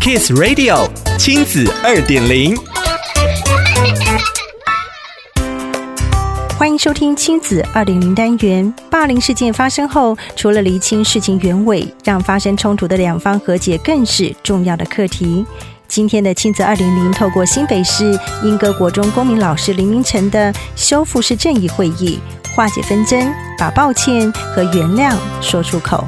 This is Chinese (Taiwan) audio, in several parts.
Kiss Radio 親子二點零，歡迎收聽親子二點零單元。霸凌事件發生後，除了釐清事情原委，讓發生衝突的兩方和解，更是重要的課題。今天的親子二點零，透過新北市鶯歌國中公民老師林民程的修復式正義會議，化解紛爭，把抱歉和原諒說出口。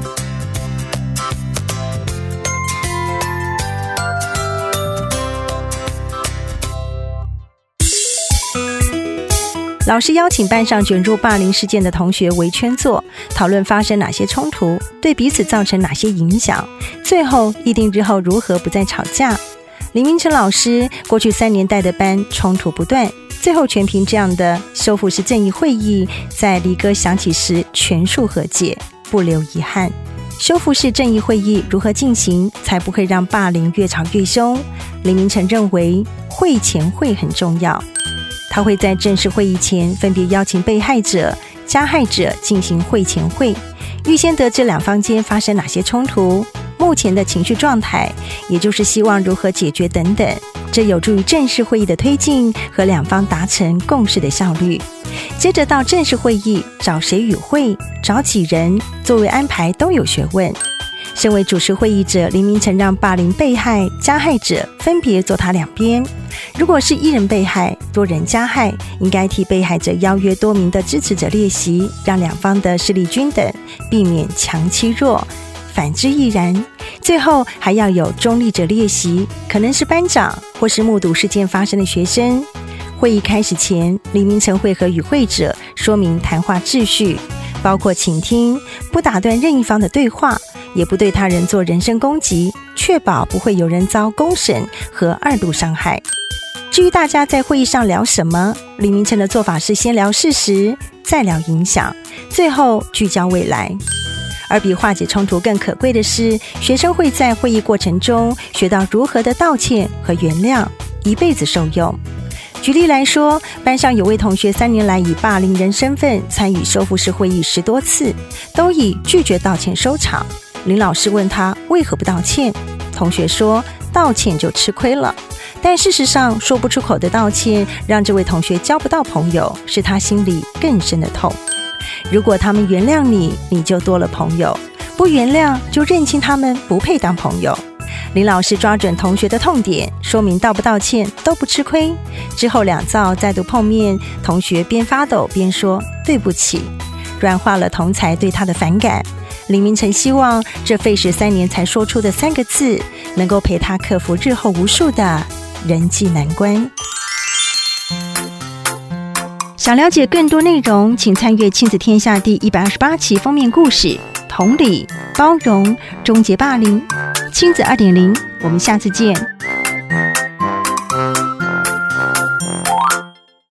老師邀請班上捲入霸凌事件的同學圍圈坐，討論發生哪些衝突，對彼此造成哪些影響，最後議定之後如何不再吵架。林民程老師過去三年帶的班衝突不斷，最後全憑這樣的修復式正義會議，在離歌響起時全數和解，不留遺憾。修復式正義會議如何進行才不會讓霸凌越吵越凶？林民程認為會前會很重要。他會在正式會議前分別邀請被害者、加害者進行會前會，預先得知兩方間發生哪些衝突、目前的情緒狀態，也就是希望如何解決等等，這有助於正式會議的推進和兩方達成共識的效率。接着到正式會議，找誰與會、找幾人、座位安排都有學問。身為主持會議者，林民程讓霸凌被害、加害者分別坐他兩邊。如果是一人被害、多人加害，應該替被害者邀約多名的支持者列席，讓兩方的勢力均等，避免強欺弱。反之亦然。最後還要有中立者列席，可能是班長或是目睹事件發生的學生。會議開始前，林民程會和與會者說明談話秩序，包括傾聽、不打斷任一方的對話。也不對他人做人身攻擊，確保不會有人遭公審和二度傷害。至於大家在會議上聊什麼，林民程的做法是先聊事實，再聊影響，最後聚焦未來。而比化解衝突更可貴的是，學生會在會議過程中學到如何的道歉和原諒，一輩子受用。舉例來說，班上有位同學三年來以霸凌人身份參與修復式會議十多次，都以拒絕道歉收場。林老師問他為何不道歉，同學說道歉就吃虧了。但事實上，說不出口的道歉讓這位同學交不到朋友，是他心裡更深的痛。如果他們原諒你，你就多了朋友；不原諒，就認清他們不配當朋友。林老師抓準同學的痛點，說明道不道歉都不吃虧。之後兩造再度碰面，同學邊發抖邊說：“對不起。”軟化了同儕對他的反感。林民程希望這費時三年才說出的三個字，能夠陪他克服日後無數的人際難關。想了解更多內容，請參閱《親子天下》第一百二十八期封面故事：同理、包容、終結霸凌。親子二點零，我們下次見。